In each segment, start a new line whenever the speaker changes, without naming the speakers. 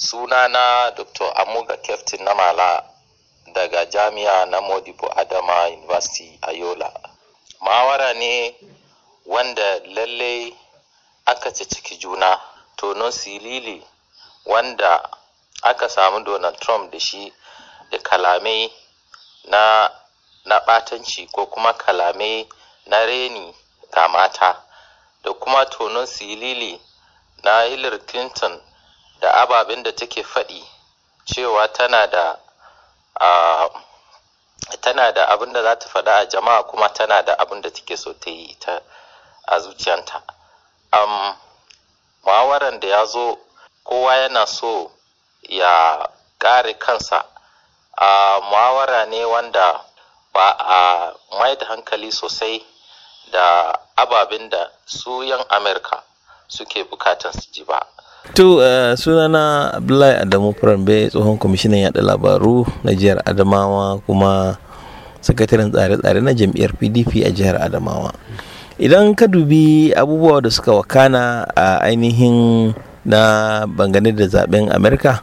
sunana dr amuga captain na mala daga jami'a na modibo adama university a yola ma'awara ne wanda lallai aka ci ciki juna tonon silili wanda aka samu donald trump da shi da kalamai na na ɓatanci ko kuma kalamai na reni ga mata da kuma tonon silili na hillary clinton da ababen da take faɗi cewa tana da a tana da abin da za ta faɗa a jama'a kuma tana da abin da take so ta yi ta a zuciyanta muhawaran da ya zo kowa yana so ya ƙare kansa a muhawara ne wanda ba a mai da hankali sosai da ababen da su yan amurka suke
bukatan su ji ba To uh, sunana Abdullahi Adamu Furambe tsohon kwamishinan yaɗa labaru na jihar Adamawa kuma sakataren tsare-tsare na jam'iyyar PDP a jihar Adamawa. Idan ka dubi abubuwa da suka wakana a ainihin na bangane da zaben Amerika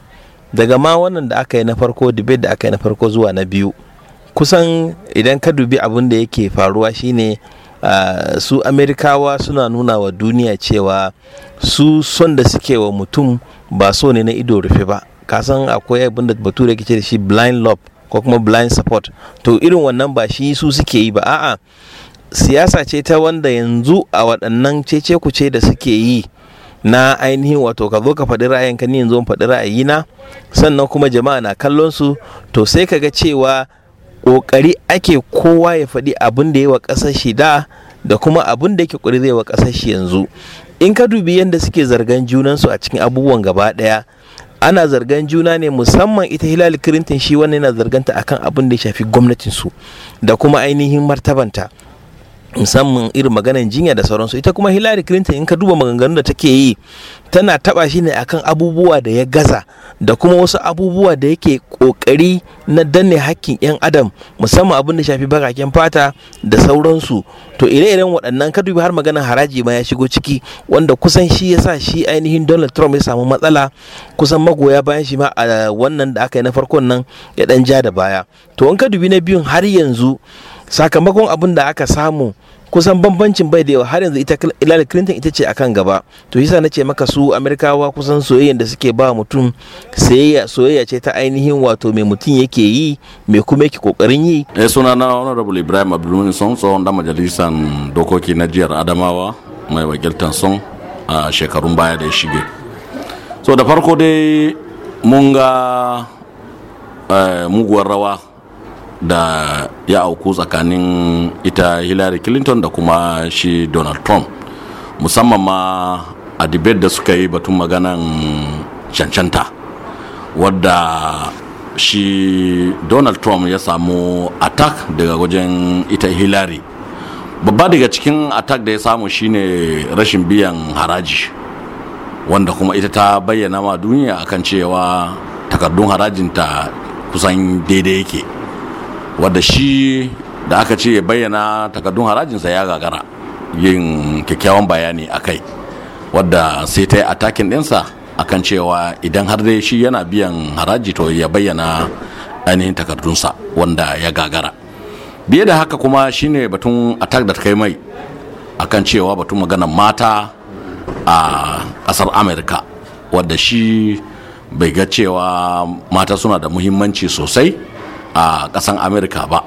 daga ma wannan da aka yi na farko debate da aka yi na farko zuwa na biyu kusan idan ka dubi abin da yake faruwa shine ne su amerikawa suna nuna wa duniya cewa su son da suke wa mutum ba so ne na ido rufe ba kasan akwai abin da bature ke ce da shi blind love ko kuma blind support to irin wannan ba shi su suke yi ba a'a siyasa ce ta wanda yanzu a waɗannan cece ce da suke yi na ainihin wato ka zo ka faɗi ra'ayinka ni yanzu faɗi ra'ayi na, sannan kuma jama'a na kallon su to sai ka ga cewa kokari ake kowa ya faɗi abin da ya wa ƙasar shi da da kuma abin da yake ƙuri zai wa ƙasar shi yanzu in ka dubi yadda suke zargan junansu a cikin abubuwan gaba ɗaya ana zargan juna ne musamman ita hilal kirintin shi wannan yana zarganta akan abin da ya shafi gwamnatinsu da kuma ainihin martabanta musamman irin maganar jinya da sauransu ita kuma hillary clinton in ka duba maganganun da take yi tana taba shi ne akan abubuwa da ya gaza da kuma wasu abubuwa da yake kokari na danne hakkin 'yan adam musamman abin da shafi bakaken fata da sauransu to ire-iren waɗannan ka dubi har maganar haraji ma ya shigo ciki wanda kusan shi ya sa shi ainihin donald trump ya samu matsala kusan magoya bayan shi ma a wannan da aka yi na farkon nan ya ɗan ja da baya to in ka dubi na biyun har yanzu sakamakon abin da aka samu kusan bambancin bai da yawa har yanzu ita Hillary Clinton ita ce akan gaba to yasa ce maka su Amerikawa kusan soyayyar da suke ba mutum
sayayya soyayya ce ta ainihin wato mai mutum yake yi mai kuma yake kokarin yi eh suna na Honorable Ibrahim Abdulmumin son tsohon da majalisan dokoki na jihar Adamawa mai wakiltar son a shekarun baya da ya shige so da farko dai mun ga eh, muguwar rawa da ya auku tsakanin ita hillary clinton da kuma shi donald trump musamman ma a debate da suka yi batun maganan cancanta wadda shi donald trump ya samu attack daga wajen ita hillary babba daga cikin attack da ya samu shine rashin biyan haraji wanda kuma ita ta bayyana ma duniya akan cewa takardun harajinta kusan daidai yake wadda shi da aka ce ya bayyana takardun harajinsa ya gagara yin kyakkyawan bayani a kai wadda sai ta yi atakin ɗinsa akan cewa idan har dai shi yana biyan haraji to ya bayyana ainihin takardunsa wanda ya gagara biye da haka kuma shine batun attack da ta kai mai akan cewa batun maganar mata a ƙasar amurka wadda shi bai ga cewa mata suna da muhimmanci sosai a ƙasan amurka ba